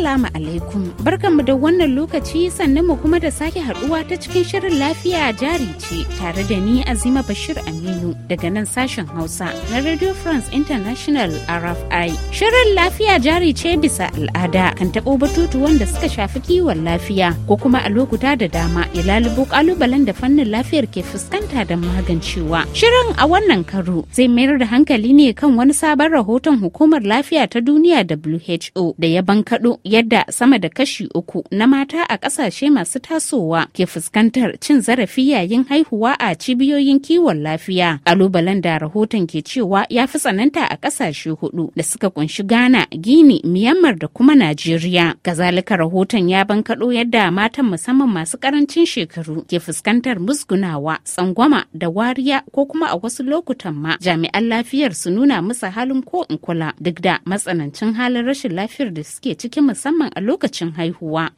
Assalamu alaikum barkanmu da wannan lokaci sannan mu kuma da sake haduwa ta cikin shirin lafiya jari ce tare da ni Azima Bashir Aminu daga nan sashen Hausa na Radio France International RFI. Shirin lafiya jari ce bisa al'ada kan tabo batutu wanda suka shafi kiwon lafiya ko kuma a lokuta da dama ya lalubo kalubalen da fannin lafiyar ke fuskanta da magancewa. Shirin a wannan karo zai mayar da hankali ne kan wani sabon rahoton hukumar lafiya ta duniya WHO da ya bankaɗo yadda sama da kashi uku na mata a ƙasashe masu tasowa ke fuskantar cin zarafi yayin haihuwa a cibiyoyin kiwon lafiya. Kalubalen da rahoton ke cewa ya fi tsananta a ƙasashe hudu da suka kunshi Ghana, Gini, Myanmar da kuma Najeriya. Kazalika rahoton ya bankaɗo yadda matan musamman masu ƙarancin shekaru ke fuskantar musgunawa, tsangwama da wariya ko kuma a wasu lokutan ma jami'an lafiyar su nuna musu halin ko in kula duk da matsanancin halin rashin lafiyar da suke cikin musamman a lokacin haihuwa.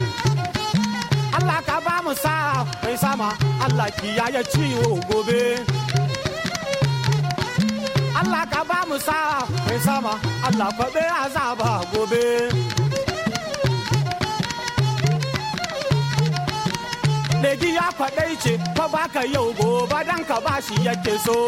Allah ka ba mu sa mai sama Allah yaya ciwo gobe. Allah ka ba mu sa mai sama Allah kwaɓe azaba gobe. Legi ya kwaɗe ce, fa baka yau gobe don ka shi yake so.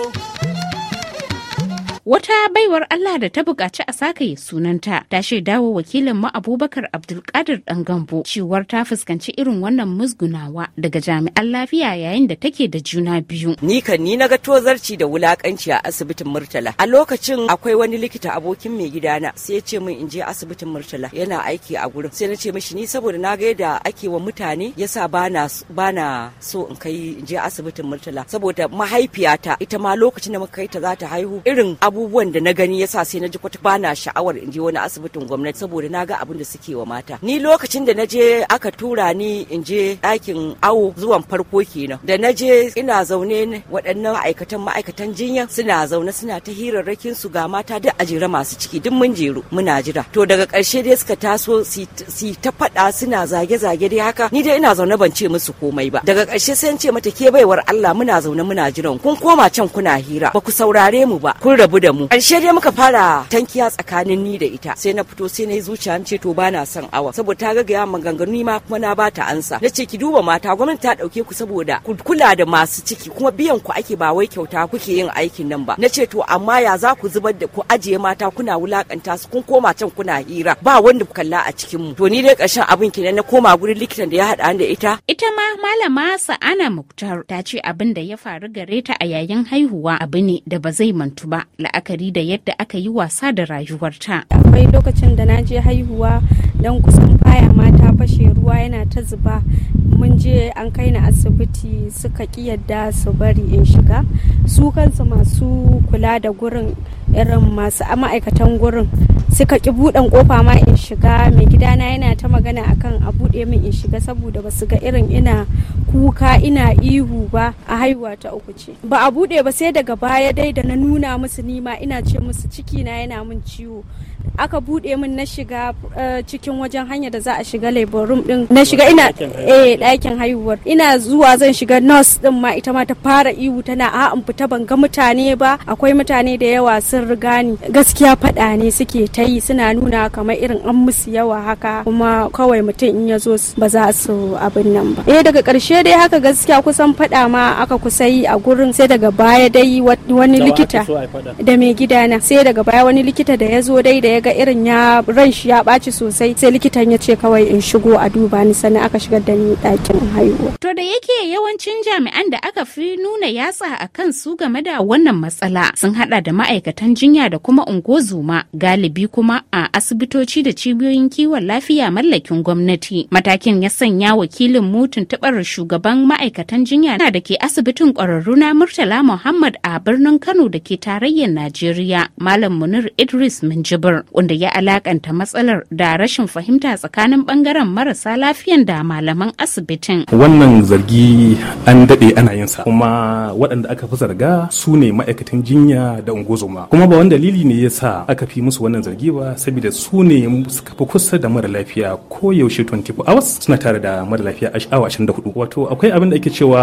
Wata baiwar Allah da ta buƙaci a sake sunanta ta dawo wakilin mu Abubakar Abdulkadir dan Gambo ciwar ta fuskanci irin wannan musgunawa daga jami'an lafiya yayin da take da juna biyu. Ni kan ni na ga tozarci da wulakanci a asibitin Murtala. A lokacin akwai wani likita abokin mai gidana sai ya ce min in je asibitin Murtala yana aiki a gurin. Sai na ce mishi ni saboda na ga yadda ake wa mutane yasa bana bana so in kai in je asibitin Murtala saboda mahaifiyata ita ma lokacin da muka kai ta za ta haihu irin abu abubuwan da na gani yasa sai na ji kwata ba na sha'awar in je wani asibitin gwamnati saboda na ga abin da suke wa mata ni lokacin da na je aka tura ni in je ɗakin awo zuwan farko kenan da na je ina zaune waɗannan ma'aikatan ma'aikatan jinya suna zaune suna ta hirarrakin su ga mata duk a jira masu ciki duk mun jeru muna jira to daga ƙarshe dai suka taso si ta faɗa suna zage-zage dai haka ni dai ina zaune ban ce musu komai ba daga ƙarshe sai ce mata ke baiwar Allah muna zaune muna jiran kun koma can kuna hira ba ku saurare mu ba kun rabu da mu ƙarshe dai muka fara tankiya tsakanin ni da ita sai na fito sai na yi zuciya ce to bana son awa saboda ta gaggaya maganganu ni ma kuma na ba ta ansa na ce ki duba mata gwamnati ta ɗauke ku saboda ku kula da masu ciki kuma biyan ku ake ba wai kyauta kuke yin aikin nan ba na ce to amma ya za ku zubar da ku ajiye mata kuna wulakanta su kun koma can kuna hira ba wanda kalla a cikin mu to ni dai karshen abin kenan na koma gurin likitan da ya haɗa da ita ita ma malama sa'ana muktar ta ce abin da ya faru gare ta a yayin haihuwa abu ne da ba zai mantu ba la'akari da yadda aka yi wasa da rayuwarta. Akwai lokacin da na je haihuwa don kusan baya mata fashe ruwa yana ta zuba mun je an kai na asibiti suka ki yadda su bari in shiga su kansu masu kula da gurin irin masu ma'aikatan gurin suka ki buɗan kofa ma in shiga mai gidana yana ta magana akan a buɗe min in shiga saboda ba su ga irin ina kuka ina ihu ba a haihuwa ta uku ce ba a bude ba sai daga baya dai da na nuna musu nima ina ce musu ciki na yana min ciwo aka bude min na shiga eh, cikin wajen hanya da za a shiga labor room din na shiga ina eh ɗakin haihuwar ina zuwa zan shiga nurse din ma ita ma ta fara ihu tana a in fita ban ga mutane ba akwai mutane da yawa sun riga ni gaskiya faɗa ne suke ta yi suna nuna kamar irin an musu yawa haka kuma kawai mutum in ya zo ba za su abin nan ba eh daga ƙarshe dai haka gaskiya kusan faɗa ma aka kusa yi a gurin sai daga baya dai wani likita da mai gidana sai daga baya wani likita da ya zo dai da ya ga irin ya ran shi ya baci sosai sai likitan ya ce kawai in shigo a duba ni sannan aka shigar da ni ɗakin haihuwa. To da yake yawancin jami'an da aka fi nuna yatsa a kan su game da wannan matsala sun hada da ma'aikatan jinya da kuma ungozuma galibi kuma a asibitoci da cibiyoyin kiwon lafiya mallakin gwamnati matakin ya sanya wakilin mutun taɓar shugaban shugaban ma'aikatan jinya na da ke asibitin ƙwararru na Murtala Muhammad a birnin Kano da ke tarayyar Najeriya, Malam Munir Idris Minjibir, wanda ya alakanta matsalar da rashin fahimta tsakanin bangaren marasa lafiyan da malaman asibitin. Wannan zargi an daɗe ana yin sa, kuma waɗanda aka fi zarga su ne ma'aikatan jinya da ungozoma. Kuma ba wani dalili ne ya sa aka fi musu wannan zargi ba, saboda su ne suka fi kusa da mara lafiya ko yaushe 24 hours suna tare da mara lafiya awa 24. to akwai abin da ake cewa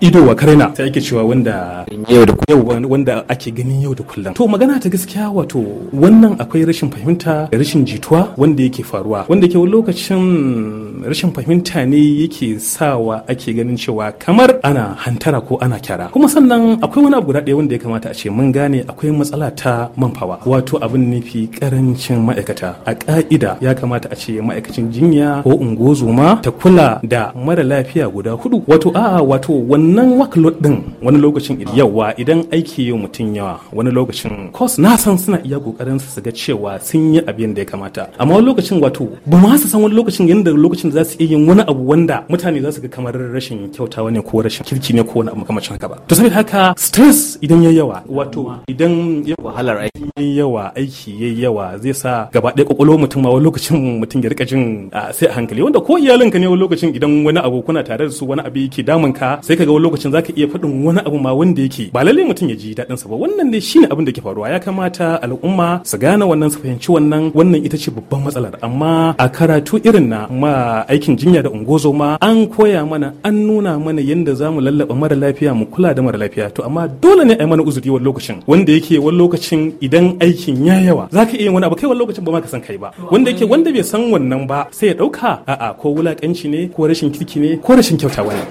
eh, ido wa karena sai ake cewa wanda yau da kullum wanda ake ganin yau da kullum to magana ta gaskiya wato wannan akwai rashin fahimta da rashin jituwa wanda yake faruwa wanda ke lokacin rashin fahimta ne yake sawa ake ganin cewa kamar ana hantara ko ana kyara kuma sannan akwai wani abu guda ɗaya wanda ya kamata a ce mun gane akwai matsala ta man manfawa wato abin nufi karancin ma'aikata a ka'ida ya kamata a ce ma'aikacin jinya ko ungozuma ta kula da mara mara lafiya guda hudu wato a'a wato wannan workload din wani lokacin yawa idan aiki yau mutum yawa wani lokacin kos na san suna iya kokarin su ga cewa sun yi abin da ya kamata amma wani lokacin wato ba ma su san wani lokacin yadda lokacin da za su iya yin wani abu wanda mutane za su ga kamar rashin kyautawa ne ko rashin kirki ne ko wani abu kamar haka ba to saboda haka stress idan ya yawa wato idan ya wahalar aiki ya yawa aiki ya yawa zai sa gaba ɗaya kwakwalwar mutum ma wani lokacin mutum ya rika jin ah, sai a hankali wanda ko iyalinka ne wani lokacin idan wani abu kuna tare da su wani abu yake damun ka sai kaga wani lokacin zaka iya faɗin wani abu ma wanda yake ba lalle mutum ya ji daɗin sa ba wannan ne shine abin da ke faruwa ya kamata al'umma su gane wannan su fahimci wannan wannan ita ce babban matsalar amma a karatu irin na ma aikin jinya da ungozo ma an koya mana an nuna mana yadda za mu lallaba mara lafiya mu kula da mara lafiya to amma dole ne a yi mana uzuri wani lokacin wanda yake wani lokacin idan aikin ya yawa zaka iya wani abu kai wani lokacin ba ma ka san kai ba wanda yake wanda bai san wannan ba sai ya ɗauka a'a ko wulakanci ne ko rashin kirki 팀이 코를 신격자고 해요.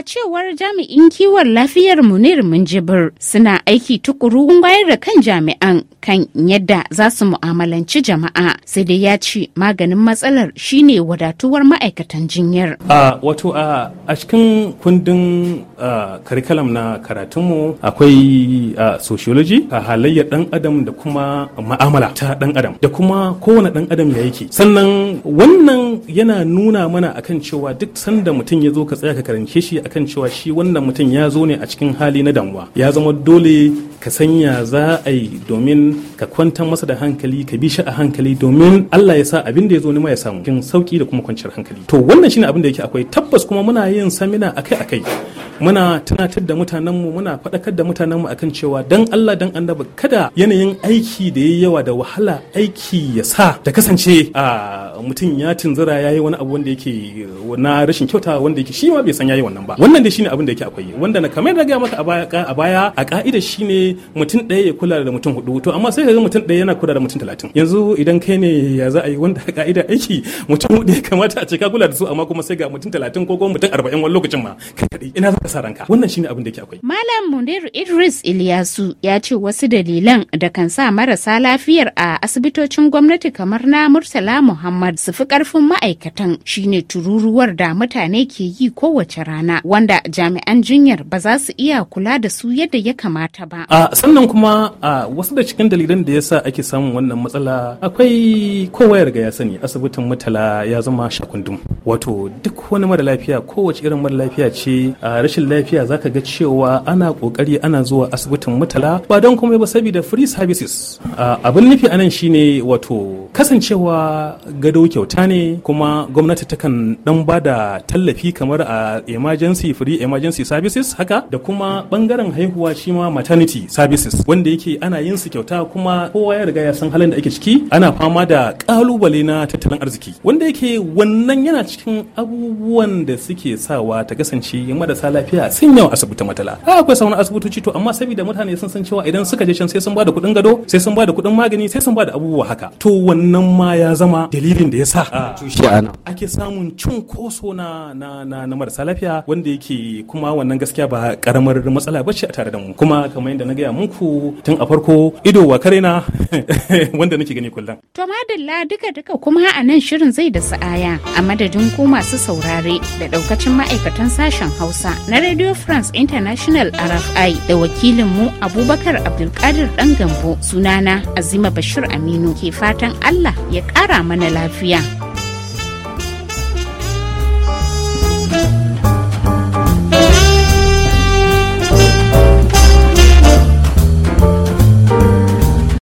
A cewar jami'in kiwon lafiyar Munir Munjibir suna aiki tukuru wayar da kan jami'an kan yadda za su mu'amalanci jama'a sai dai ya ce maganin matsalar shine wadatuwar ma'aikatan jinyar. A wato a cikin kundin karikalam na karatunmu akwai sociology a halayyar dan adam da kuma ma'amala ta dan adam da kuma kowane dan adam ya yake. Sannan wannan yana nuna mana akan cewa duk sanda mutum ya zo ka tsaya ka karance shi akan cewa shi wannan mutum ya zo ne a cikin hali na damuwa ya zama dole ka sanya za a yi domin ka kwantar masa da hankali ka bi shi a hankali domin Allah ya sa abin da ya zo nima ya samu cikin sauki da kuma kwanciyar hankali to wannan shine abin da yake akwai tabbas kuma muna yin samina akai-akai muna tunatar da mutanenmu muna faɗakar da mutanen mu akan cewa dan Allah dan annabi kada yanayin aiki da yayi yawa da wahala aiki ya sa da kasance a mutum ya tunzura ya yi wani abu wanda yake na rashin kyauta wanda yake shi ma bai san yayi wannan ba wannan da shine abin da yake akwai wanda na kamar da ga maka a baya a baya a ka'ida shine mutum ɗaya ya kula da mutum hudu to amma sai ka ga mutum ɗaya yana kula da mutum talatin yanzu idan kai ne ya za a yi wanda ka'ida aiki mutum hudu ya kamata a ce ka kula da su amma kuma sai ga mutum talatin ko kuma mutum arba'in wani lokacin ma kai kaɗai ina za ka sa ranka wannan shine abin da ke akwai. malam munir idris iliyasu ya ce wasu dalilan da kan sa marasa lafiyar a asibitocin gwamnati kamar na murtala muhammad su fi karfin ma'aikatan shine tururuwar da mutane ke yi kowace rana wanda jami'an jinyar ba za su iya kula da su yadda ya kamata ba. sannan kuma a wasu da cikin dalilan da ya sa ake samun wannan matsala akwai kowa ya riga ya sani asibitin mutala ya zama shakundum wato duk wani mara lafiya kowace irin mara lafiya ce a rashin lafiya zaka ga cewa ana kokari ana zuwa asibitin mutala ba don kuma ba saboda free services abin nufi anan shine wato kasancewa gado kyauta ne kuma gwamnati takan dan da tallafi kamar a emergency free emergency services haka da kuma bangaren haihuwa shi ma maternity services wanda yake ana yin su kyauta kuma kowa ya riga ya san halin da ake ciki ana fama da kalubale na tattalin arziki wanda yake wannan yana cikin abubuwan da suke sawa ta kasance marasa lafiya sun yawan asibitin matala akwai sauran asibitoci to amma saboda mutane sun san cewa idan suka je can sai sun bada kuɗin gado sai sun bada kuɗin magani sai sun bada abubuwa haka to wannan ma ya zama dalilin da ya sa ake samun cunkoso na na na marasa lafiya wanda yake kuma wannan gaskiya ba karamar matsala ba ce a tare da mu kuma kamar yadda na gaya muku tun a farko ido wa karena wanda nake gani kullum. To madalla duka duka kuma a nan shirin zai da sa'aya a madadin ku masu saurare da daukacin ma'aikatan sashen Hausa na Radio France International RFI da wakilin mu Abubakar Abdulkadir dan Gambo sunana Azima Bashir Aminu ke fatan Allah ya kara mana lafiya.